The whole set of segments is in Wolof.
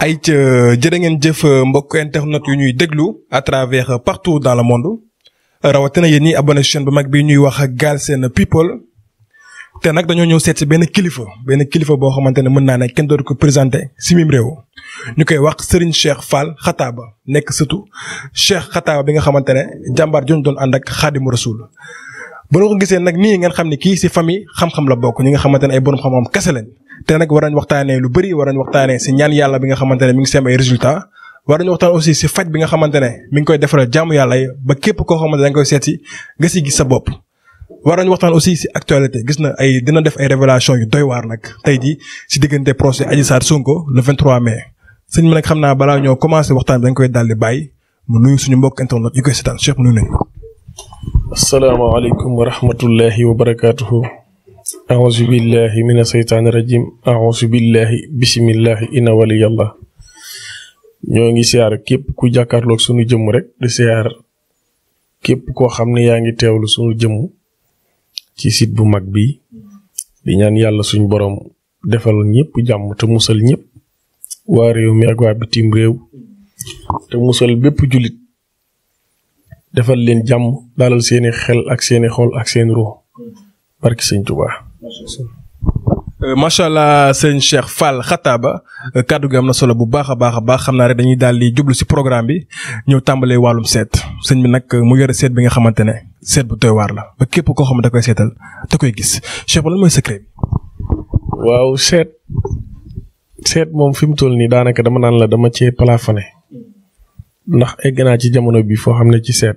ay euh, jërë ngeen jëf euh, mbokk internet yu ñuy déglu à travers euh, partout dans le monde rawatina yéen ñi abonné chaîne bu mag bi ñuy wax Galsen People Té nag dañoo ñëw seet si benn kilifa benn kilifa boo xamante ne mën naa ne kenn dootu ko présenté si mim réew ñu koy wax Serigne Cheikh Fall Khataba nekk surtout Cheikh Khataba bi nga xamante ne jàmbaar jooju doon ànd ak Khadim Rasoul. ba ko gisee nag nii ngeen xam ne kii si famille xam-xam la bokk ñi nga xamante ne ay borom xam-xam kese lañ te nag war nañ waxtaanee lu bëri war nañ waxtaanee si ñaan yàlla bi nga xamante ne ngi si am ay résultats war nañu waxtaan aussi si faj bi nga xamante ne mi ngi koy defaral jaamu yàlla ba képp koo xamante ne koy seet si nga si gis sa bopp. war nañu waxtaan aussi si actualité gis na ay dina def ay révélation yu doy waar nag tey jii si diggante procès Adji Sarr Sonko le 23 mai sëñ bi nag xam naa balaa ñoo commencé waxtaan bi dañ koy daal di bàyyi mu nuyu suñu mbokk internet yu koy seetaan Cheikh mu nuyu nañu. asalaamaaleykum wa rahmatullahi wa barakaatuhu. auzu billahi mina seytaani rajim auzu billahi bismillahi inna waliyallah ñoo ngi siyaar képp ku jàkkaarloog sunu jëmm rek di siyaar képp koo xam ne yaa ngi teewlu sunu jëmm ci site bu mag bi di ñaan yàlla suñ boroom defal ñëpp jàmm te musal ñépp waa réew mi ak waa bitim réew te musal bépp jullit defal leen jàmm dalal seeni xel ak seeni xol ak seeni ruux barki sëñ Tuubaa euh, macha allah sëñ Cheikh Fall Xataaba euh, kàddu gi am na solo bu baax a baax a baax xam naa rek dañuy daal di jublu si programme bi ñëw tàmbalee wàllum seet sëñ bi nag mu yore seet bi nga xamante ne seet bu doy waar la ba képp koo xam ne da koy seetal da koy gis Cheikh lan mooy secret bi. waaw seet seet moom fi mu toll nii daanaka dama naan la dama cee plafonné ndax egg naa ci jamono bi foo xam ne ci seet.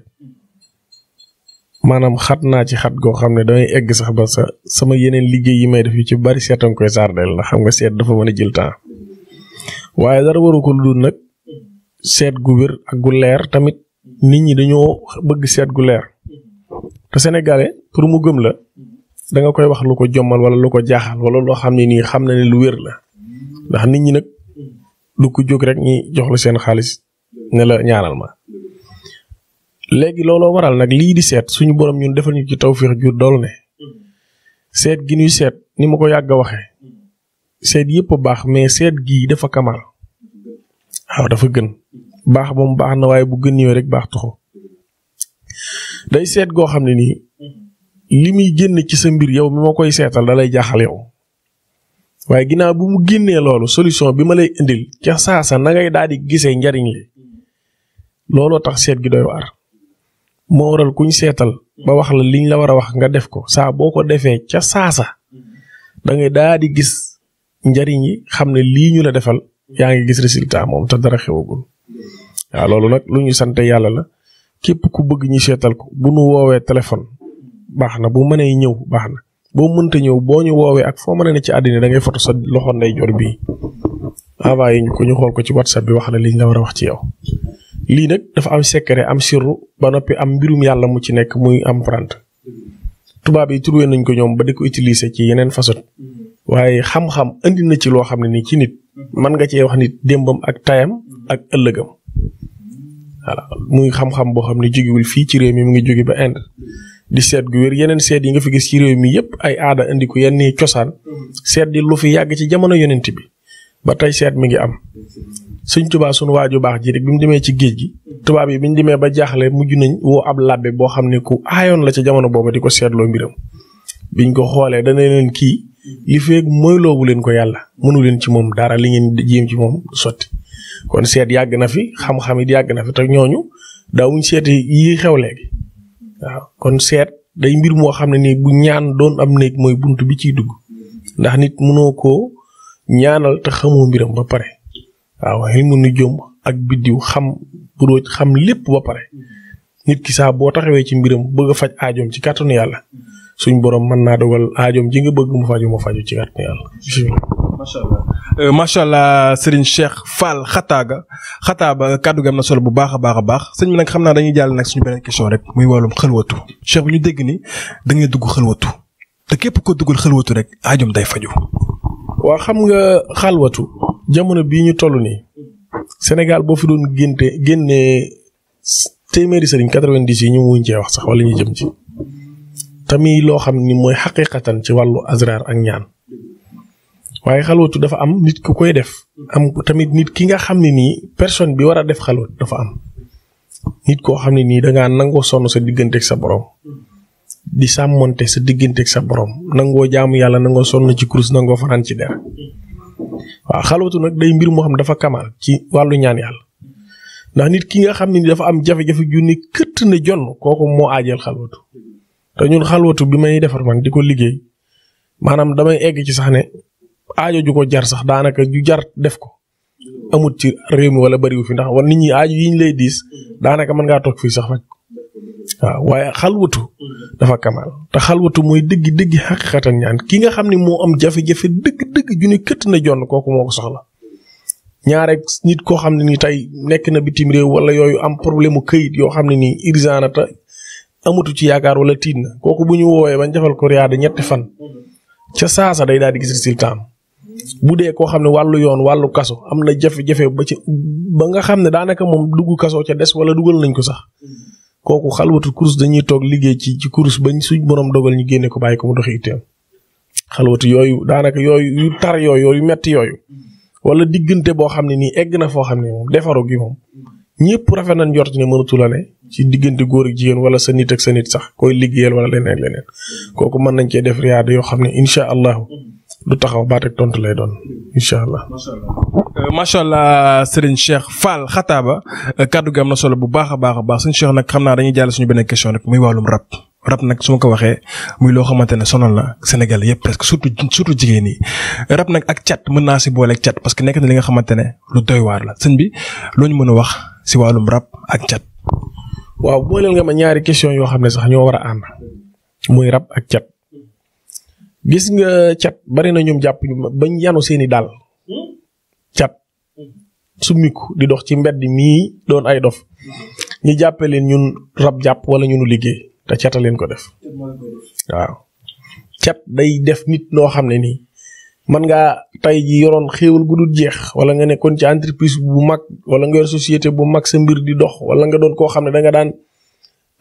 maanaam xat naa ci xat goo xam ne damay egg sax ba sa sama yeneen liggéey yi may def yu ci bari seet nga koy sardel la xam nga seet dafa mën a jël waaye dara waru ko lu dul nag seet gu wér ak gu leer tamit nit ñi dañoo bëgg seet gu leer te sénégalais pour mu gëm la da koy wax lu ko jommal wala lu ko jaaxal wala loo xam ne nii xam na ne lu wér la ndax nit ñi nag lu ko jóg rek ñi jox la seen xaalis ne la ñaanal ma legi lolo waral nak li di set suñu borom ñun defal ñu ci tawfiq ju dool ne set gi ñuy set ni mako yag waxe set yep seet baax mais set gi dafa kamal aw dafa gën baax mom baax na way bu gën ñew rek baax taxo day set go xamni ni limi li ci sa mbir yow mi ma setal dalay jaxal yow waye ginnaaw bu mu génnee lolu solution bi ma lay indil sa sa na ngay daal di gisee njariñ li lolu tax set gi doy war moo waral kuñ seetal ba wax la liñ la war a wax nga def ko saa boo ko defee ca saasa da ngay daa di gis njariñ yi xam ne lii ñu la defal yaa ngi gis résultat moom te dara xewagul waaw loolu nag lu ñu sante yàlla la képp ku bëgg ñu seetal ko bu nu woowee téléphone baax na bu mënee ñëw baax na boo mënta ñëw boo ñu woowee ak foo mën a ne ci àddina da ngay foto sa loxo ndeyjoor bii yi ñu ko ñu xool ko ci whatsapp bi wax la liñ la war a wax ci yow. lii nag dafa am secret am sirru ba noppi am mbirum yàlla mu ci nekk muy empreinte tubaab yi trouvé nañ ko ñoom ba di ko utilise ci yeneen façon waaye xam-xam indi na ci loo xam ne nii ci nit mën nga cee wax nit démbam ak tayam ak ëllëgam voilà muy xam-xam boo xam ne jógewul fii ci réew mi mu ngi jóge ba Inde di seet gu wér yeneen seet yi nga fi gis ci réew mi yëpp ay aada indi ko yenn cosaan seet di lu fi yàgg ci jamono yonent bi ba tey seet mi ngi am suñ tubaa sunu waaju baax ji bi mu demee ci géej gi tubaab yi bi ñu demee ba jaaxle mujj nañ woo ab làbbe boo xam ne ku aayoon la ci jamono boobu di ko seetloo mbiram biñ ko xoolee dana leen kii li feeg moyloobu leen ko yàlla mënu leen ci moom dara li ngeen jéem ci moom sotti kon seet yàgg na fi xam-xam yàgg na fi te ñooñu daawuñ seet yi xew léegi waaw kon seet day mbir moo xam ne nii bu ñaan doon am néeg mooy bunt bi ciy dugg ndax nit mënoo koo ñaanal te xamoo mbiram ba pare waaw ilmu nujum ak biddiw xam buróoj xam lépp ba pare nit ki saa boo taxawee ci mbiram bëgg a faj aajoom ci kàttanu yàlla suñ borom mën naa dogal aajoom ji nga bëgg mu faju mu faju ci kàttanu yàlla. macha allah euh, macha allah Serigne Cheikh Fall xataaga xataaba kàddu gi am na solo bu baax a baax a baax sëñ bi nag xam naa dañuy jàll nag suñu beneen question rek muy wàllum xëlwatu Cheikh bi ñu dégg ni da dugg xëlwatu te képp ko duggal xëlwatu rek aajoom day faju wa xam nga xalwatu jamono bi ñu tollu ni Sénégal bo fi doon génte génne téméri sëriñ 90 yi ñu muñ ci wax sax wala ñu jëm ci tammi lo xam ni moy haqiqatan ci walu azrar ak ñaan waye xalwatu dafa am nit ku koy def am tamit nit ki nga xam ni ni personne bi wara def xalwat dafa am nit ko xam ni ni da sono nangoo sonu sa ak sa borom. di sàmmonte sa digganteeg sa borom nangoo jaamu yàlla nangoo sonn ci kurus nangoo fanaan ci der waaw xalwatu nag day mbir moo xam dafa kamaal ci wàllu ñaan yàlla ndax nit ki nga xam ne dafa am jafe-jafe ju ne këtt na jonn kooku moo aajeel xalwatu te ñun xalwatu bi may defar man di ko liggéey maanaam damay egg ci sax ne aajo ju ko jar sax daanaka ju jar def ko amut ci réew mi wala bariwu fi ndax wala nit ñi aajo yi lay diis daanaka mën ngaa toog fii sax waaw waaye xalwatu dafa kamaal te xalwatu mooy dëgg dégg xaqiqatan ñaan ki nga xam ne moo am jafe-jafe dëgg dëgg ju këtt na jonn kooku moo ko soxla ñaare nit koo xam ne nii tey nekk na bitim réew wala yooyu am problème mu këyit yoo xam ne nii urgent na te amatu ci yaakaar wala tiit na kooku bu ñu woowee bañ defal ko riyaada ñetti fan ca saasa day daal di gis résultat bu dee koo xam ne wàllu yoon wàllu kaso am na jafe-jafe ba ci ba nga xam ne daanaka moom dugg kaso ca des wala dugal nañ ko sax. kooku xalwatul kurus dañuy toog liggéey ci ci kurus bañ suñ borom dogal ñu génne ko bàyyi ko mu doxi itteem xalwatu yooyu daanaka yooyu yu tar yooyu yu metti yooyu wala diggante boo xam ne nii egg na foo xam ne moom defaru gi moom ñëpp rafet nañ jort ne mënatu la ne ci diggante góor ak jigéen wala sa nit ak sa nit sax koy liggéeyal wala leneen leneen kooku mën nañ cee def riyaada yoo xam ne incha allahu du taxaw baat ak tontu lay doon incha allah. macha euh, allah Serigne Cheikh Fall Xataaba euh, kàddu gi am na solo bu baax a baax a baax suñu Cheikh nag xam naa dañuy jàll suñu benn question rek muy wàllum rab rab nag su ma ko waxee muy loo xamante ne sonal la Sénégal yëpp presque surtout surtout jigéen yi rab nag ak cat mën naa si booleeg cat parce que nekk na li nga xamante ne lu doy waar la sëñ bi loo ñu mën a wax si wàllum rab ak cat. waaw booleel nga ma ñaari question yoo xam ne sax ñoo war a ànd muy rab ak cat. gis nga cat bari na ñum japp bañ yanu seeni dal hmm? cat hmm. sumiku di dox ci mbedd mi doon ay dof ñi jàppe leen ñun rab japp wala ñunu liggéey ta cata leen ko def waaw cat day def nit noo xam ni man nga tay ji yoron xewul gu dul jeex wala nga nekkoon ci entreprise bu mag wala nga yor société bu mag sa mbir di dox wala nga doon koo xam da nga daan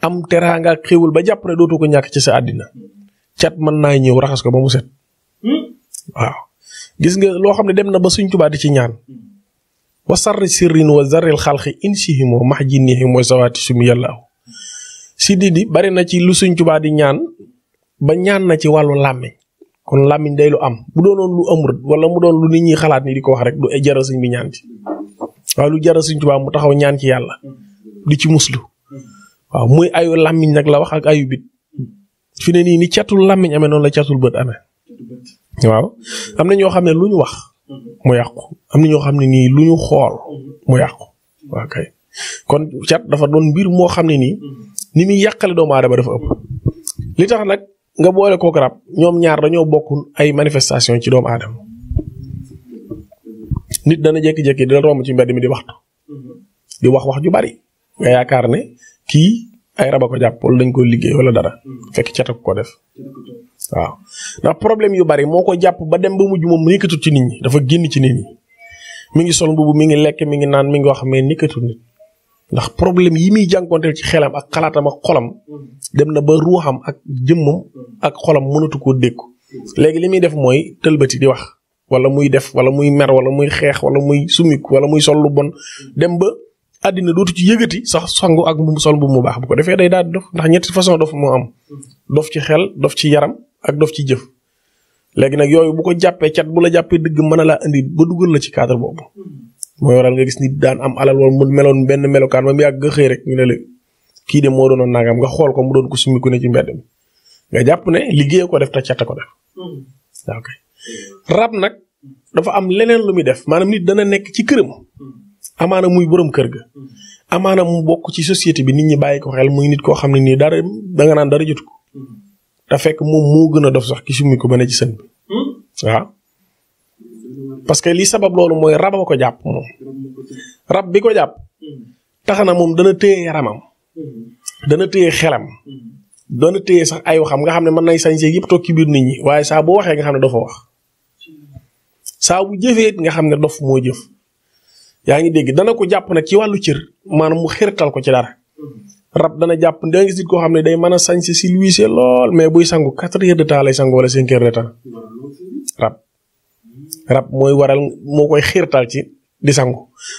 am teranga xewul ba japp ne dootoo ko ñak ci sa adina cat mën naa ñëw raxas ko ba mu set. Hmm? waaw gis nga loo xam ne dem na ba suñ tubaa di ci ñaan. Hmm. wa sarri sirrin wa zarril xalqi insihimoo max jinnihim mooy si di di bari na ci lu suñ tubaa di ñaan ba ñaan na ci wàllu làmmiñ kon làmmiñ day lu am bu doonoon wala mu doon lu nit ñi xalaat ni di ko wax rek du e jaral suñ bi ñaan ci waaw lu jaral suñ tubaa mu taxaw ñaan ci yàlla hmm. di ci muslu waaw muy ayu làmmiñ nag la wax ak ayu bit fi ne nii ni catul làmmiñ amee noonu la catul bët amee waaw am na ñoo xam ne lu ñu wax mu yàqu am na ñoo xam ne nii lu ñu xool mu yàqu waaw kay kon cat dafa doon mbir moo xam ne nii ni muy yàqale doomu aadama dafa ëpp li tax nag nga boole kook rab ñoom ñaar dañoo bokk ay manifestation ci doomu aadama nit dana jékki-jékki dina romb ci mbedd mi di waxtu di wax wax ju bari nga yaakaar ne kii ay raba ko jàpp wala dañ koy liggéey wala dara hmm. fekk cata ko def waaw ndax problème yu bari moo ko jàpp ba dem ba mujj moom nekkatut ci nit ñi dafa génn ci nit ñi ngi sol mbubu mi ngi lekk mi ngi naan mi ngi wax mais nekkatut nit ndax problème yi muy jànkonteel ci xelam ak xalaatam ak xolam hmm. dem na ba ruuxam ak jëmmam hmm. ak xolam mënatu koo dékku léegi li muy def mooy tëlbati di wax wala muy def wala muy mer wala muy xeex wala muy sumik wala muy sol lu bon dem ba àddina dootu ci yëgati sax sangu ak mu sol bu mu baax bu ko defee day daal dof ndax ñetti façon dof moo am dof ci xel dof ci yaram ak dof ci jëf léegi nag yooyu bu ko jàppee cat bu la jàppee digg mën a laa indi ba dugal la ci cadre boobu mooy waral nga gis nit daan am alal wala meloon benn melokaan ba mu yàgg nga xëy rek ne la de moo doonoon nangam nga xool ko mu doon ko summiku ne ci mbedd mi jàpp ne liggéey ko def te cat ko def. ok mm-hmm. rab nag dafa am leneen lu muy def maanaam nit dana nekk ci këram. Mm-hmm. amaana muy borom kër ga amaana mu bokk ci société bi nit ñi bàyyi ko xel muy nit koo xam ne nii dara da nga naan dara jotu ko te fekk moom moo gën a dof sax ki summi ko ba ne ci sën bi waaw parce que li sabab loolu mooy rab ko jàpp moom rab bi ko jàpp tax na moom dana téye yaramam dana téye xelam dana téye sax ay waxam nga xam ne mën nay sañse yëpp toog ci biir nit ñi waaye saa boo waxee nga xam ne dafa wax saa bu jëfee nga xam ne dof moo jëf yaa ngi dégg dana ko jàpp nag ci wàllu cër maanaam mu xirtal ko ci dara rab dana jàpp da nga gis koo xam ne day mën a sañ si luise lool mais buy sangu quatre heures de temps lay sangu wala cinq heures de temps rab rab mooy waral moo koy xirtal ci di sangu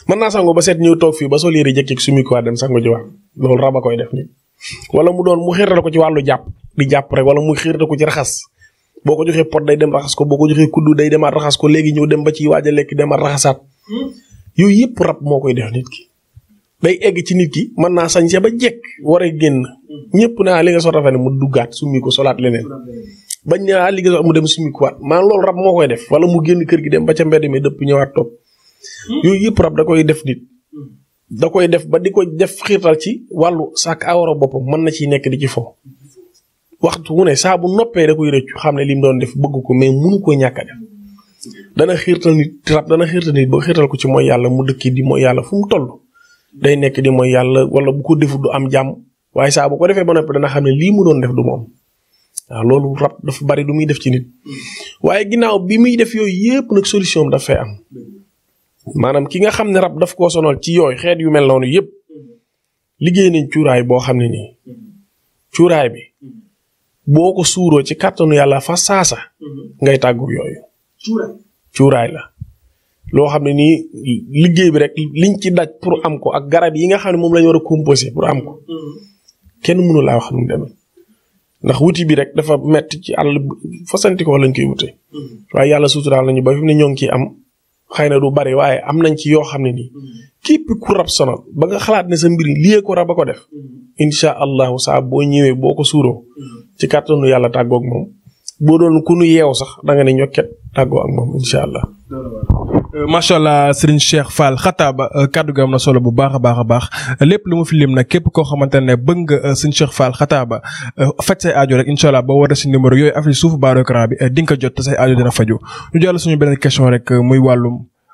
mën naa sangu ba seet ñëw toog fii ba soo liiree jëkk su muy dem sangu ji wax loolu rab koy def nii wala mu doon mu xirtal ko ci wàllu jàpp di jàpp rek wala mu xirtal ko ci raxas boo ko joxee pot day dem raxas ko boo ko joxee kuddu day demaat raxas ko léegi ñëw dem ba ci lekk demaat yooyu yëpp rab moo koy def nit ki day egg ci nit ki mën naa sañ sañse ba jekk war a génn ñëpp naa ah, li nga so rafet mu duggaat summi ko solaat leneen bañ naa ah, li nga mu dem summi ko waat maanaam loolu rab moo koy def wala mu génn kër gi dem ba ca mbedd mi dëpp ñëwaat toog yooyu yëpp rab da koy def nit da koy def ba di ko def xiirtal ci wàllu sàkk awra bopp mën na ciy nekk di ci fo waxtu wu ne saa bu noppee da koy rëccu xam ne li mu doon def bëgg ko mais mënu ko ñàkk dana xiirtal nit rab dana xiirtal nit boo xiirtal ko ci mooy yàlla mu dëkki di mooy yàlla fu mu toll day nekk di mooy yàlla wala bu ko defut du am jàmm waaye saa bu ko defee ba noppi dana xam ne lii mu doon def du moom waaw loolu rab dafa bari lu muy def ci nit waaye ginnaaw bi muy def yooyu yépp nag solution daf fay am maanaam ki nga xam ne rab daf koo sonal ci yooyu xeet yu mel noonu yépp liggéey nañ cuuraay boo xam ne nii cuuraay bi boo ko suuroo ci kàttanu yàlla fa saasa mm-hmm. ngay tàggu yooyu. cuuraay la loo xam ne nii liggéey bi rek liñ ci daj pour am ko ak garab yi nga xam ne moom lañ war a composé pour am ko mm-hmm. kenn mënula laa wax wuti bi rek dafa metti ci àll fasantikoo lañ koy wute mm-hmm. waaye yàlla suturaal nañu ba fi mu ne ñoo ngi ciy am xëy na du bari waaye am nañ ci yoo xam ne nii mm-hmm. képp ku rab sono ba nga xalaat ne sa mbir lii ko rab a ko def incha allahu saa boo ñëwee boo ko suuroo ci kàttanu yàlla tàggoog moom boo doon ku nu sax danga ne ñokket tàggoo ak moom incha allah. Euh, macha allah Serigne Cheikh Fall xataaba euh, kàddu gi am na solo bu baax a baax a baax lépp lu mu fi lim nag képp koo xamante ne bëgg nga euh, Serigne Cheikh Fall xataaba faj say aajo rek incha allah boo war a si numéro yooyu affiche suuf baaru écran bi ko jot te say aajo dina faju ñu jàll suñu beneen question rek muy wàllu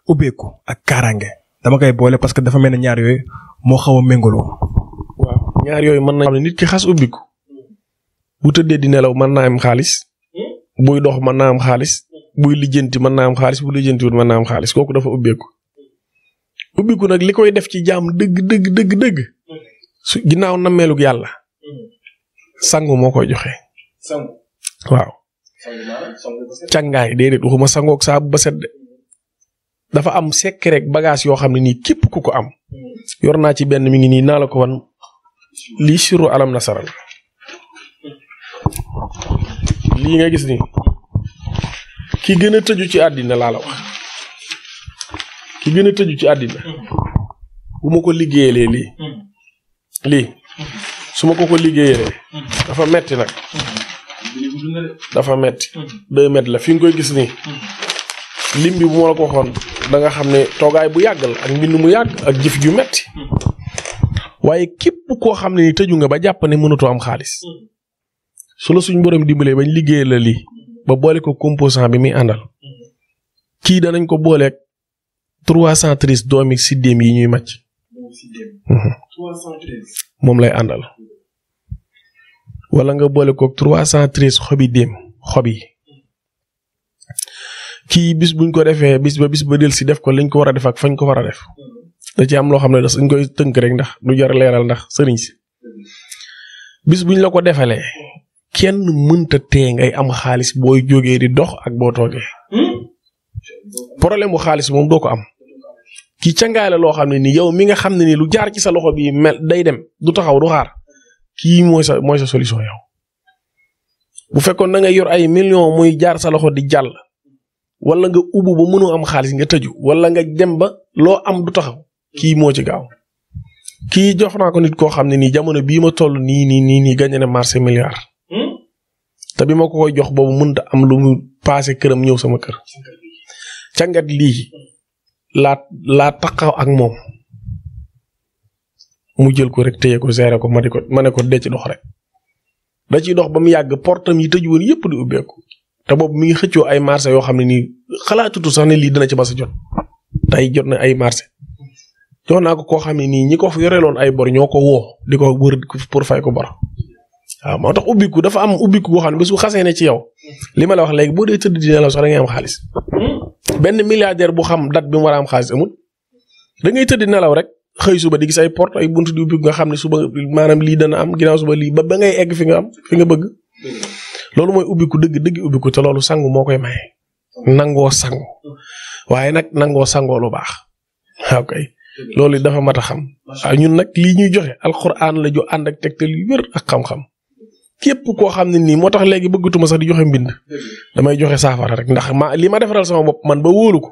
ubbeeku ak kaaraange dama koy boole parce que dafa mel ne ñaar yooyu moo xaw a méngaloo. waaw ñaar yooyu mën na xam ne nit ki xas ubbiku bu tëddee di nelaw mën naa am xaalis. Hmm? mën naa am xaalis. buy lijjanti mën naa am xaalis bu lijjantiwul man naa am xaalis kooku dafa ubbeeku ubbiku nag li koy def ci jaam dëgg dëgg dëgg dëgg ginnaaw nammeelug yàlla sangu moo koy joxe. sangu waaw. càngaay déedéet waxuma sangoog saabu ba sedd dafa am secret bagage yoo xam ne nii képp ku ko am. yor naa ci benn mi ngi nii naa la ko wan lii siru alam nasaral lii nga gis nii. ki gën tëju ci àddina laa la wax ki gën tëju ci àddina bu ma ko liggéeyalee lii lii su ma ko ko liggéeyalee dafa metti nag dafa metti deux mètres la fi nga koy gis nii lim bi bu ma la ko waxoon da xam ne toogaay bu yàgg la ak mbind mu yàgg ak jëf ju metti waaye képp koo xam ne ni tëju nga ba jàpp ne mënatoo am xaalis su la suñ borom dimbalee bañ liggéeyal la lii ba boole ko composant bi muy àndal kii danañ ko booleeg 313 doomi siddéem yi ñuy màcc mhm. moom lay àndal wala nga boole ko 313 xobi déem xob yi bis buñ ko defee bis ba bis ba del si def ko liñ ko war a def ak fañ ko war a def da ci am loo xam ne dañ koy tënk rek ndax du jar leeral ndax sëriñ si bis buñ la ko defalee kenn mënta tee ngay am xaalis booy jógee di dox ak boo toogee hmm? problème xaalis moom doo ko am kii cangaay la loo xam ne ni yow mi nga xam ne ni lu jaar ci sa loxo bii mel day dem du taxaw du xaar kii mooy sa mooy sa solution yow bu fekkoon na nga yor ay million muy jaar sa loxo di jàll wala nga ubbu ba mënoo am xaalis nga tëju wala nga dem ba loo am du taxaw kii moo ci gaaw kii jox naa ko nit koo xam ne nii jamono bii ma toll nii nii nii nii gagné na marché te bi ma ko koy jox boobu mënta am lu mu paase këram ñëw sama kër cangat lii laa laa taxaw ak moom mu jël ko rek téye ko seere ko ma di ko ma ne ko dee ci dox rek da ciy dox ba mu yàgg portam yi tëj woon yëpp di ubbeeku te boobu mi ngi xëccoo ay marché yoo xam ne nii xalaatutu sax ne lii dina ci basa jot tey jot na ay marché jox naa ko koo xam ne nii ñi ko yoreloon ay bor ñoo ko woo di ko wër pour fay ko bor waaw ah, moo tax ubbiku dafa am ubbiku goo xam ne bés bu xasee ne ci yow li ma la wax léegi boo dee tëdd dina la sax da ngay am xaalis hmm? benn milliardaire bu xam date bi mu war a am xaalis amul da ngay tëdd nelaw rek xëy suba di gis ay porte ay buntu di ubbiku nga xam ne suba maanaam lii dana am ginnaaw suba lii ba ba ngay egg fi nga am fi nga bëgg hmm. loolu mooy ubbiku dëgg dëgg ubbiku te loolu sangu moo koy maye nangoo sangu waaye nag nangoo sangoo lu baax waaw ah, loolu dafa mat a xam ah, ñun nag lii ñuy joxe alquran la ju ànd ak tegtal yu wér ak xam-xam képp koo xam ne nii moo tax léegi bëggatuma sax di joxe mbind damay joxe saafara rek ndax ma li ma defaral sama bopp man ba wóolu ko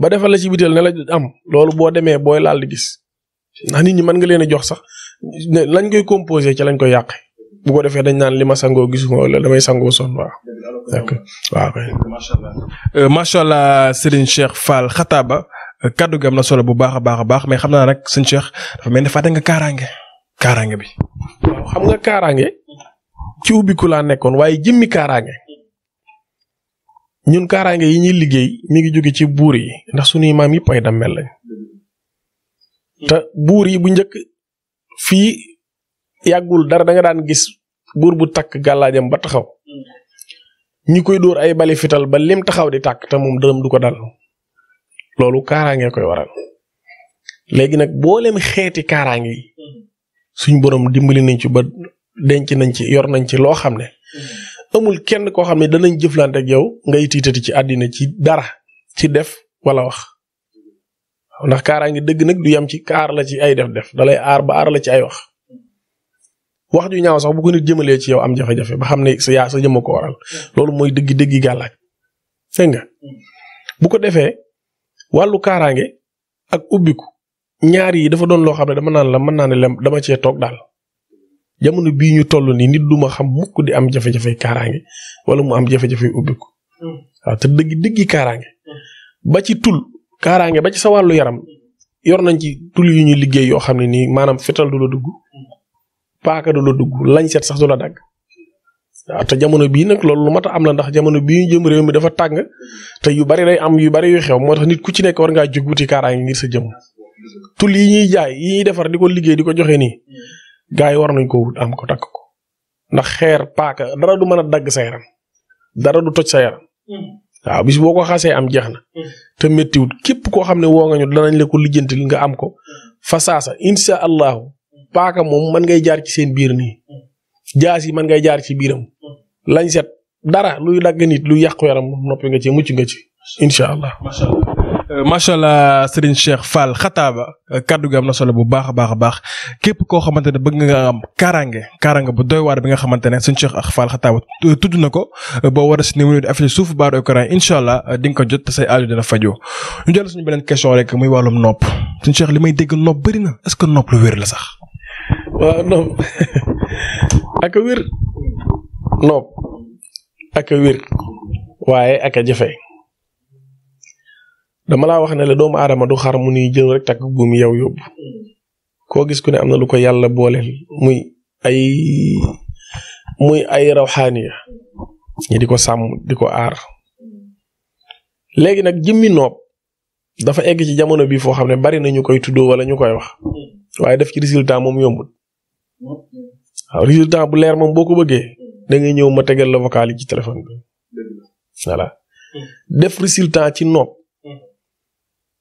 ba defal la ci biteel ne la am loolu boo demee booy laal di gis ndax nit ñi man nga leen a jox sax lañ koy composé ci lañ koy yàq bu ko defee dañ naan li ma sangoo gisuma wala damay sangoo sonn waaw. d'accord waaw macha allah euh, macha allah Serigne Cheikh Fall Xataaba kaddu gi na solo bu baax a baax a baax mais xam naa rek Serigne Cheikh dafa mel ni fàtte nga kaaraange kaaraange bi. ci ubiku la nekkon waye jimmi karange ñun karange yi ñi liggey mi ngi joggi ci buur yi ndax imam yi pay da mel lañ ta buur yi bu ñëk fi yagul dara da nga daan gis buur bu tak galajam ba taxaw ñi koy door ay bali fital ba lim taxaw di tak ta mom deum du ko dal lolu karange koy waral léegi nak boolem xeeti kaaraange yi suñ borom dimbali nañ ci ba denc nañ ci yor nañ ci loo xam ne amul kenn koo xam ne danañ jëflante ak yow ngay tiitati ci àddina ci dara ci def wala wax ndax kaaraange dëgg nag du yam ci kaar la ci ay def-def dalay aar ba aar la ci ay wax wax ju ñaaw sax bu ko nit jëmalee ci yow am jafe-jafe ba xam ne sa yaa sa jëmm ko waral loolu mooy dëgg dëgg gàllaaj dégg nga bu ko defee wàllu kaaraange ak ubbiku ñaar yi dafa doon loo xam ne dama naan la mën naa ne dama cee toog daal. jamono bi ñu tollu ni nit duma xam mukk di am jafé jafé karangé wala mu am jafé jafe ubbiku hmm. wa te deug deug karangé hmm. ba ci tul karangé ba ci sa walu yaram yor nañ ci tul yu ñu liggéey yo xamni ni manam fetal du la dugg hmm. paaka du la dugg lañ set sax du la dag wa te jamono bi nak loolu lu mat am la ndax jamono bi ñu jëm rew mi dafa tang te yu bari lay am yu bari yu xew motax nit ku ci nekk war nga jogguti karangé ngir sa jëm tul yi ñi jaay yi defar diko liggéey diko joxé ni gaa yi war nañ ko wut am ko takk ko ndax xeer paaka dara du man a dagg sa yaram dara du toj sa yaram. Hmm. waaw bis boo ko xasee am jeex na. Hmm. te méttiwut képp koo xam ne woo nga ñu danañ lekku ko li nga am ko. Hmm. fa saasa insha allahu. paaka moom man ngay jaar ci seen biir nii. jaas yi man ngay jaar ci biiram. lañ set dara luy dagg nit lu yàqu yaram noppi nga ci mucc nga ci. incha allah. Euh, macha allah Serigne Cheikh Fall xataaba euh, kaddu gi am na solo bu baax a baax a baax képp koo xamante ne bëgg nga am kaaraange kaaraange bu doy waar bi nga xamante ne Serigne ak Fall xataaba euh, tudd na ko boo war a si numéro di affiché suuf baaru écran incha allah di nga ko jot te say aajo dina fajoo ñu jël suñu beneen question ek muy wàllum nopp Serigne Cheikh li may dégg nopp bëri na est-ce que nopp lu wér la sax. waaw nopp ak a waaye ak jafe dama laa wax ne doomu aadama du xar mu nuy jël rek takk bu mu yow yóbbu koo gis ku ne am na lu ko yàlla booleel muy ay muy ay rawxaaniya ñi di ko sàmm di ko aar léegi nag jëmmi noob dafa egg ci jamono bi foo xam ne bari na ñu koy tuddoo wala ñu koy wax waaye def ci résultat moom yombul waaw résultat bu leer moom boo ko bëggee dangay ngay ñëw ma tegal la vocal yi ci téléphone bi voilà def résultat ci noob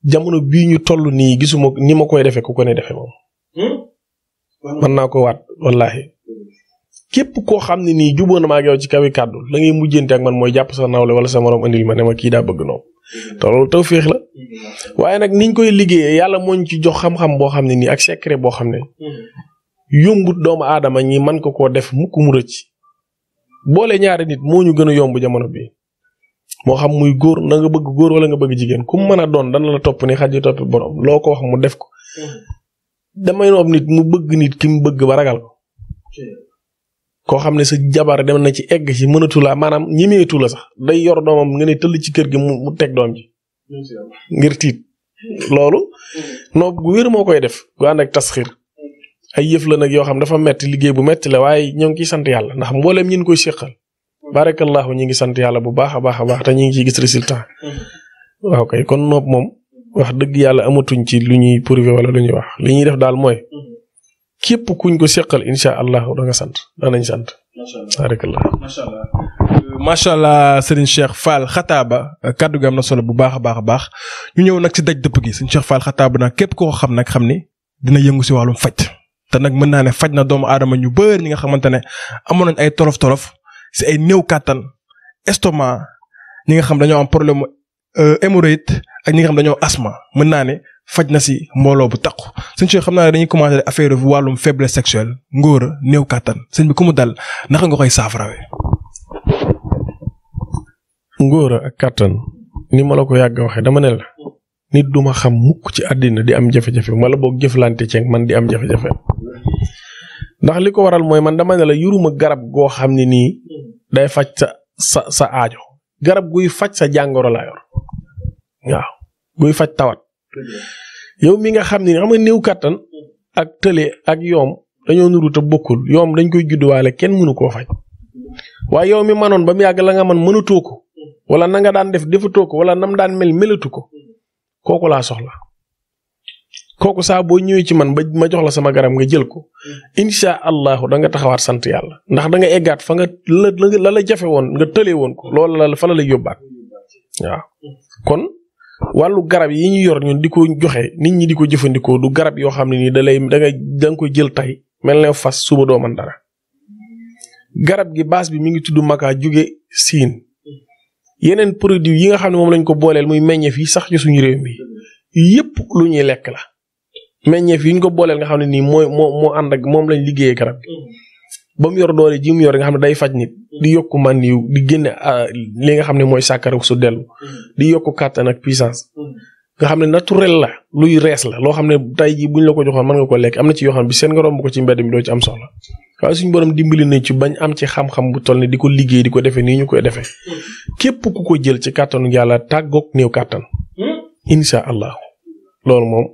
jamono bii ñu toll nii gisuma ni ma koy defee ku ko ne defee moom. Hmm? mën naa ko waat wallaahi. képp koo xam ne nii juboon na ma ak yow ci kawi kàddu la ngay mujjante ak man mooy jàpp sa nawle wala sa morom andil ma ne ma kii daa bëgg noonu. te loolu tawféex la. waaye nag niñ koy liggéeyee yàlla mooñ ci jox xam-xam boo xam ne nii ak secret boo xam ne. yombut doomu aadama ñi man ko koo def mukk mu rëcc. boole ñaari nit moo ñu gën a yomb jamono bi moo xam muy góor na nga bëgg góor wala nga bëgg jigéen ku mu mën a doon dana la topp ni xaj yi toppi borom loo koo wax mu def ko. damay noob nit mu bëgg nit ki mu bëgg ba ragal ko. koo xam ne sa jabar dem na ci egg ci mënatu la maanaam ñemeetu la sax day yor doomam nga ne tëll ci kër gi mu teg doom ji. ngir tiit loolu. noob gu wér moo koy def gu ànd ak xiir ay yëf la nag yoo xam dafa metti liggéey bu metti la waaye ñoo ngi sant yàlla ndax mboolem ñin koy séqal barakallahu ñi ngi sant yàlla bu baax a baax a baax te ñi ngi ciy gis résultat waaw kay kon nopp moom wax dëgg yàlla amatuñ ci lu ñuy prouvé wala lu ñuy wax li ñuy def daal mooy képp kuñ ko seqal insha allah da nga sant danañ sant. macha allah euh, Cheikh Fall Xataaba kaddu gi am na solo bu baax a baax a baax ñu ñëw nag ci daj dëpp gi suñ Cheikh Fall Xataaba nag képp koo xam nag xam ni dina yëngu si wàllum faj te nag mën naa ne faj na doomu aadama ñu bëri ñi nga xamante ne amoon nañ ay tolof tolof. c'est ay néew kàttan estomac ñi nga xam dañoo am problème euh, ak ñi nga xam dañoo asma mën naa ne faj na si mbooloo bu taqu sëñ si xam naa dañuy commencé affaire wàllum faiblesse sexuelle ngóor a néew kàttan sëñ bi ku mu dal naka nga koy saafarawe. ngóor ak kàttan ni ma la ko yàgg waxe dama ne la nit duma xam mukk ci àddina di am jafe-jafe wala boog jëflante ceeg man di am jafe-jafe ndax li waral mooy man dama ne la yuruma garab goo xam ni day faj sa sa sa aajo garab guy faj sa jàngoro laa yor waaw guy faj tawat. yow mi nga xam ne xam nga néew kàttan ak tële ak yoom dañoo nuru te bokkul yoom dañ koy judduwaale kenn mënu koo faj waaye yow mi manoon ba mu yàgg la nga man mënatoo ko wala na nga daan def defatoo ko wala nam daan mel melatu ko kooku laa soxla. kooku saa boo ñëwee ci man ba ma jox la sama garab nga jël ko mm. insha allahu da nga taxawaat sant yàlla ndax da eggaat fa nga la la la jafe woon nga tëlee woon ko loolu la la fa la lay yóbbaat waaw kon wàllu garab yi ñu yor ñun di ko joxe nit ñi di ko jëfandikoo du garab yoo xam ne nii da lay da nga koy jël tay mel ne fas suba doo man dara garab gi baas bi mi ngi tudd maka jóge siin yeneen produit yi nga xam ne moom lañ ko booleel muy meññeef yi sax ci réew mi yépp lu ñuy lekk la. meññeef yi ñu ko booleel nga xam ne nii mooy moo moo ànd ak moom lañ liggéeyee garab ba mu yor doolee ji mu yor nga xam ne day faj nit di yokk man yu di génne ah, li nga xam ne mooy sàkkara su dellu di yokk kàttan ak puissance nga xam ne naturel la luy rees la loo xam ne tey jii bu ñu la ko joxoon mën nga ko lekk am na ci yoo xam bi seen nga romb ko ci mbedd mi doo ci am soxla waaye suñ borom dimbali nañ ci bañ am ci xam-xam bu toll ni di ko liggéey di ko defee nii ñu koy defee képp ku ko jël ci kàttanu yàlla tàggoog néew kàttan hmm? incha allah loolu moom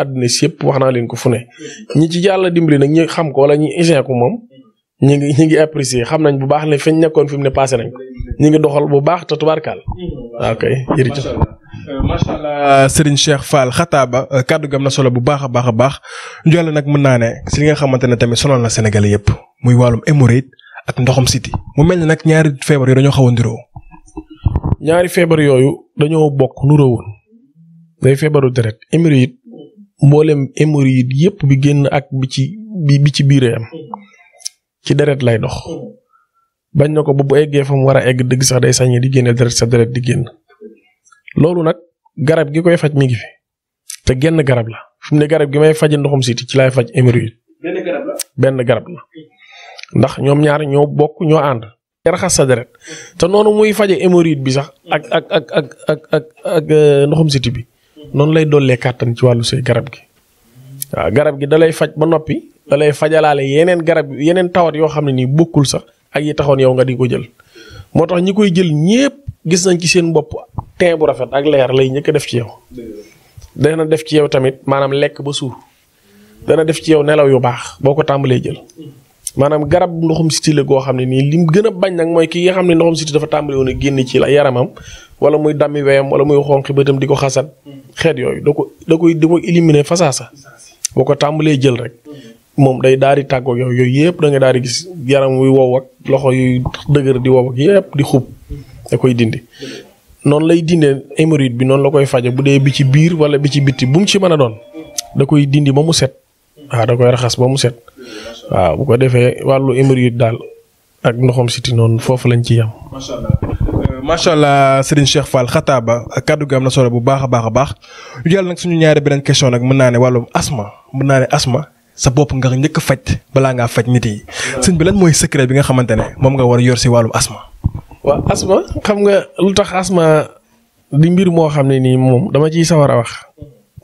àdduna si yëpp wax naa leen ko fu ne ñi ci yàlla dimbali nag ñi xam ko wala ñi échec ko moom ñi ngi ñi ngi apprécier xam nañ bu baax ne feñ nekkoon fi mu ne passé nañ ko ñi ngi doxal bu baax te tubaarkaal. waaw kay jërëjëf. macha euh, allah Serigne Cheikh Fall xataaba euh, kàddu gam na solo bu baax a baax a baax jolle nag mën naa ne si li nga xamante ne tamit sonal na senegal yëpp muy wàllum hémorroïde ak ndoxam siti mu mel ne nag ñaari feebar yooyu dañoo xaw a niroo. ñaari feebar yooyu dañoo bokk nuróo mboolem hémorroïde yépp bi génn ak bi ci bi bi ci biiree am ci deret lay dox bañ na ko ba bu eggee fa mu war a egg dëgg sax day sañee di génne deret sa deret di génn loolu nag garab gi koy faj mi ngi fi te genn garab la fi mu ne garab gi may faje ndoxum siti ci lay faj hémorroïde benn garab la ndax ñoom ñaar ñoo bokk ñoo ànd. raxas sa deret te noonu muy faje hémorroïde bi sax ak ak ak ak ak ak euh, ndoxum siti bi. noonu lay dollee kàttan ci wàllu say garab gi waaw garab gi da lay faj ba noppi da fajalaale yeneen garab yeneen tawat yoo xam ne nii bokkul sax ak yi taxoon yow nga di ko jël moo tax ñi koy jël ñépp gis nañ ci seen bopp teint bu rafet ak leer lay njëkk a def ci yow. dana def ci yow tamit maanaam lekk ba suur dana def ci yow nelaw yu baax boo ko tàmbalee jël maanaam garab ndoxum siti la goo xam ne nii lim gën a bañ nag mooy ki nga xam ne ndoxum siti dafa tàmbale woon a ci la yaramam wala muy dammi weyam wala muy xonqi bëtam di ko xasan xeet yooyu da ko da koy da koy éliminer fasaasa boo ko tàmbalee jël rek moom day daal di tàggoog yow yooyu yëpp da nga daal di gis yaram wuy wow ak loxo yu dëgër di wow ak yëpp di xub da koy dindi noonu lay dindee hémorroïde bi noonu la koy faje bu dee bi ci biir wala bi ci bitti bu mu ci a doon da koy dindi ba mu set waaw da koy raxas ba mu set waaw bu ko defee wàllu hémorroïde daal ak ndoxam siti noonu foofu lañ ci yam macha allah Serigne Cheikh Fall xataaba kàddu gi na solo bu baax a baax a langsung ñu jàll nag suñu ñaari beneen question mën asma mën asma sa bopp nga njëkk a niti. balaa ngaa faj nit yi sëñ bi lan secret bi nga nga war yor si walum asma. waaw asma xam nga asma di mbir moo xam ne nii moom dama ciy sawar wax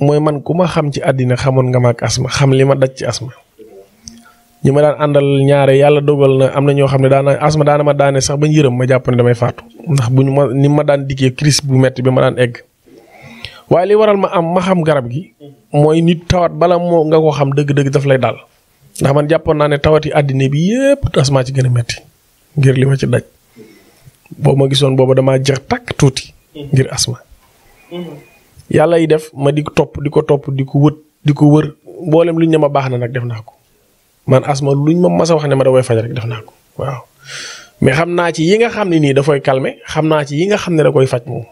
mooy man kuma xam ci àddina xamoon nga ma asma xam li ma ci asma. ñi ma daan àndal ñaare yàlla dogal na am na ñoo xam ne daana asma daana ma daane sax bañ yërëm ma jàpp ne damay faatu ndax bu ñu ma ni ma daan diggee crise bu metti bi ma daan egg waaye li waral ma am ma xam garab gi mooy nit tawat bala moo nga ko xam dëgg-dëgg daf lay daal ndax man jàppoon naa ne tawat yi àddina bi yépp asma ci gën a metti ngir li ma ci daj boo ma gisoon boobu damaa jeex takk tuuti ngir asma yàlla yi def ma di topp di ko topp di ko wët di ko wër mboolem lu ñu ma baax na nag def naa ko man asma luñ ma massa wax ne ma da koy faj rek def naa ko waaw mais xam naa ci yi nga xam ne nii dafay calmer xam naa ci yi nga xam ne da koy faj moom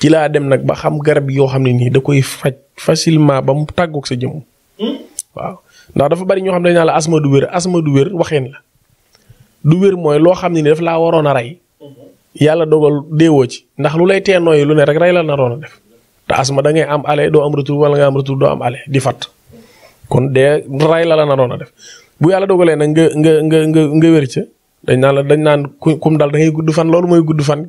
ci laa dem nag ba xam garab yoo xam ne nii da koy faj facilement ba mu tàggoog sa jëmm. Hmm? waaw ndax dafa bari ñoo xam dañ la asma du wér asma du wér waxeen la du wér mooy loo xam ne nii daf laa waroon a rey. Hmm. yàlla dogal deewoo ci ndax lu lay tee lu ne rek rey la naroon a def te asma da ngay am ale doo am retour wala nga am retour doo am ale di fat kon dee ray la la naroon a def bu yàlla dogalee nag nga nga nga nga wér ca dañ naan la dañ naan ku kum dal da gudd fan loolu mooy gudd fan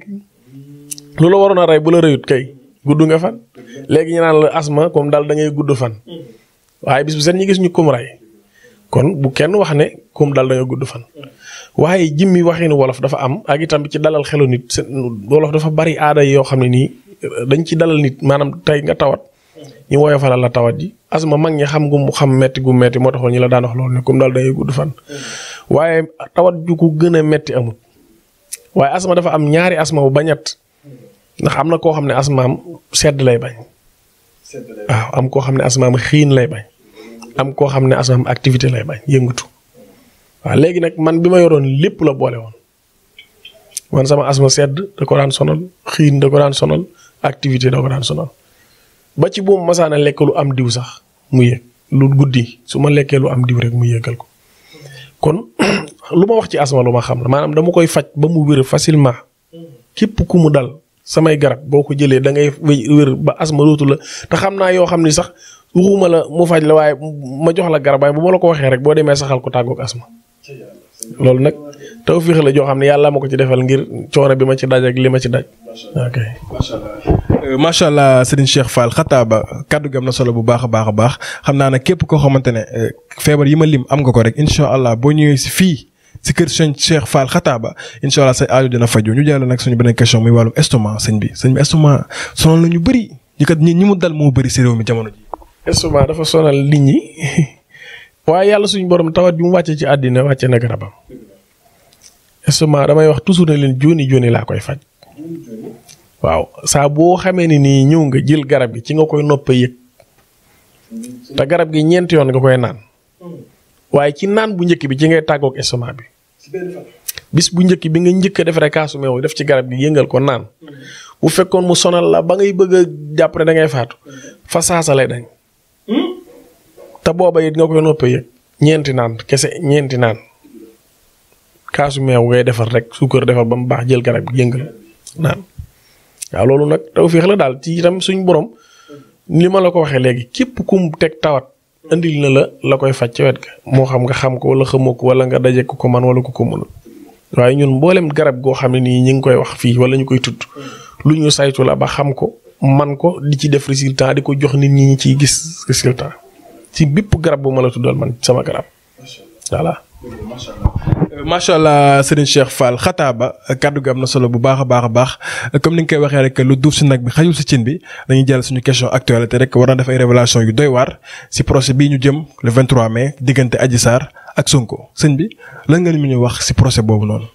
loolu waroon a rey bu la rëyut kay gudd nga fan léegi ñu naan la asma kum dal da gudd fan waaye bis bu set ñu gis ñu kum rey kon bu kenn wax ne kum dal da gudd fan. waaye jimmi waxinu wolof dafa am ak itam ci dalal xelu nit wolof dafa bari aada yoo xam ne nii dañ ci dalal nit maanaam tey nga tawat ñu woyofalal la tawat ji asma mag ñi xam gu mu xam metti gu metti moo taxoon ñi la daan wax loolu ne comme daal day gudd fan. waaye tawat ju ko gën metti amul waaye asma dafa am ñaari asma bu bañat ndax am na koo xam ne asmaam sedd lay bañ. waaw am koo xam ne asmaam xiin lay bañ. am koo xam ne asmaam activité lay bañ yëngatu. léegi nag man bi ma yoroon lépp la boole woon man sama asma sedd da ko daan sonal xiin da ko daan sonal activité da ko daan sonal. ba ci boobu masaana lekk lu am diw sax mu yëg lu guddi su ma lekkee lu am diw rek mu yëgal ko kon lu ma wax ci asma lu ma xam la maanaam dama koy faj ba mu wér facilement képp ku mu dal samay garab boo ko jëlee da ngay wér ba asma dootu la te xam naa yoo xam ni sax waxuma la mu faj la waaye ma jox la garab waaye bu ma la ko waxee rek boo demee saxal ko tàggoog asma loolu nag tawfiix la joo xam ne yàlla ma ko ci defal ngir coono bi ma ci daj ak li ma ci daj. Euh, macha allah Serigne Cheikh Fall xataaba kaddu gi am na solo bu baax a baax a baax xam naa ne képp koo xamante ne euh, feebar yi ma lim am nga ko rek incha allah boo ñëwee si fii si kër sëñ Cheikh Fall xataaba incha allah sa aajo dina faju ñu jàll nag suñu beneen question muy wàllum estomac sëñ bi sëñ bi estomac sonal na ñu bëri ñu kat ñi ñi mu dal moo bëri si réew mi jamono ji. estomac dafa sonal nit ñi waaye yàlla suñu borom tawat bi mu wàccee ci àddina wàccee na garabam estomac damay wax toujours ne leen jooni jooni laa koy faj waaw saa boo xamee ni nii ñëw nga jël garab gi ci nga koy noppee yëg te garab gi ñeenti yoon nga koy naan waaye ci naan bu njëkk bi ci ngay tàggoog estomac bi bis bu njëkk bi nga njëkk def rek kaasu meew def ci garab gi yëngal ko naan bu fekkoon mu sonal la ba ngay bëgg a jàpp da ngay faatu fa saasa lay dañ te booba it nga koy noppee yëg ñeenti naan kese ñeenti naan kaasu meew ngay defar rek suukar defar ba mu baax jël garab gi yëngal naan. waaw loolu nag te tawféex la daal ci itam suñ borom li ma la ko waxee léegi képp kum teg tawat indil na la la koy faj ca wet ga moo xam nga xam ko wala xamoo ko wala nga daje ku ko man wala ko ko mënul waaye ñun mboolem garab goo xam ne nii ñu ngi koy wax fii wala ñu koy tudd lu ñu saytu la ba xam ko man ko di ci def résultat di ko jox nit ñi ñu ciy gis résultat ci bépp garab bu ma la tuddal man sama garab voilà. macha allah euh, macha allah Serigne Cheikh Fall kàddu gi am na solo bu baax a baax a baax comme li nga koy waxee rek lu duuf si nag bi xajul si cin bi dañuy jàll suñu question actualité rek war na def ay révélation yu doy waar si procès bii ñu jëm le 23 mai diggante Adji Sarr ak Sonko sëñ bi lan nga ñu wax si procès boobu noonu.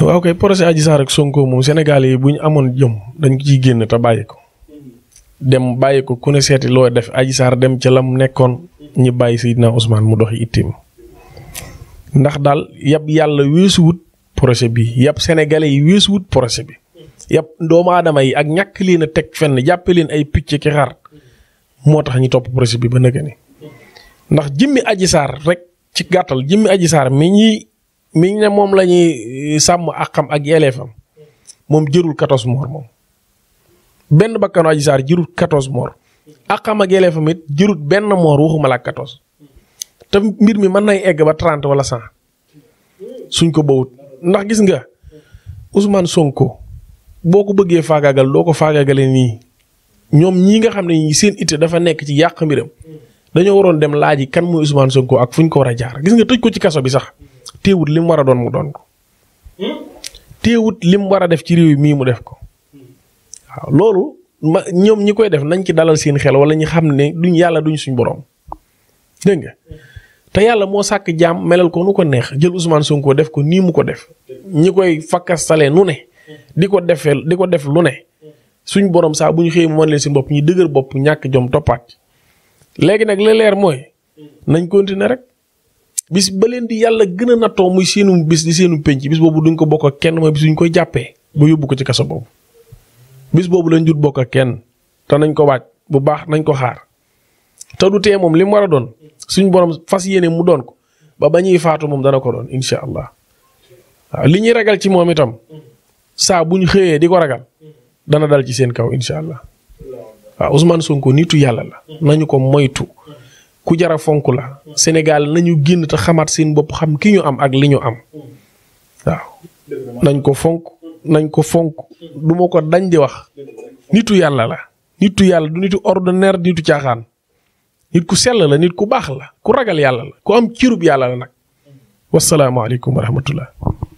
waaw kay procès Adji Sarr ak Sonko moom Sénégal yi bu ñu amoon jëm dañ ko ciy génn te bàyyi ko. dem bàyyi ko ku ne seeti loo def Adji Sarr dem ca la mu nekkoon ñu bàyyi Seydina Ousmane mu dox itteem ndax daal yab yàlla weesuwut projet bi yab sénégalais yi weesuwut projet bi yab doomu aadama yi ak ñàkk lii a teg fenn jàppe leen ay picc ki xar moo tax ñu topp projet bi ba nëgë ni ndax jëmmi aji saar rek ci gàttal jëmmi aji saar mi ñi mi ne moom lañuy ñuy eh, sàmm ak xam ak yelleefam moom jërul 14 moor moom benn bakkanu aji saar jërul 14 moor ak xam ak yelleefam it jërul benn moor waxuma la ak te mbir mi mën nay egg ba trente walla cent suñ ko bawut ndax gis nga Ousmane Sonko boo ko bëggee faagaagal doo ko faagaagalee nii ñoom ñii nga xam ne seen itte dafa nekk ci yàq mbiram dañoo waroon dem laaj yi kan muy Ousmane Sonko ak fu ko war a jaar gis nga tëj ko ci kaso bi sax téewut li war a doon mu doon ko téewut li mu war a def ci réew yi mii mu def ko waaw loolu ma ñoom ñi koy def nañ ki dalal seen xel wala ñu xam ne duñ yàlla duñ suñ borom te yàlla moo sàkk jaam melal ko nu ko neex jël Ousmane Sonko def ko nii mu ko def ñi koy fakkastale nu ne di ko defee di ko def lu ne suñ borom saa bu ñu xëyee mu mën leen si bopp ñu dëgër bopp ñàkk jom toppaat léegi nag li leer mooy nañ continuer rek bis ba leen di yàlla gën a nattoo muy seenum bis di seenu penc bis boobu duñ ko bokk kenn mooy bis suñ koy jàppee ba yóbbu ko ci kaso boobu bis boobu lañ jut bokk kenn te nañ ko waaj bu baax nañ ko xaar. te du tee moom li mu war a doon suñu borom fas yéene mu doon ko ba ba ñuy faatu moom dana ko doon incha allah waaw li ñuy ragal ci moom itam saa bu ñu xëyee di ko ragal dana dal ci seen kaw incha allah waaw Ousmane ko nitu yàlla la nañu ko moytu ku jara fonk la Sénégal nañu génn te xamaat seen bopp xam ki ñu am ak li ñu am waaw nañ ko fonk nañ ko fonk du ko dañ di wax nitu yàlla la nitu yàlla du nitu ordinaire nitu caaxaan. nit ku sell la nit ku baax la ku ragal yàlla la ku am cirub yàlla la nag wasalaamaaleykum wa rahmatullah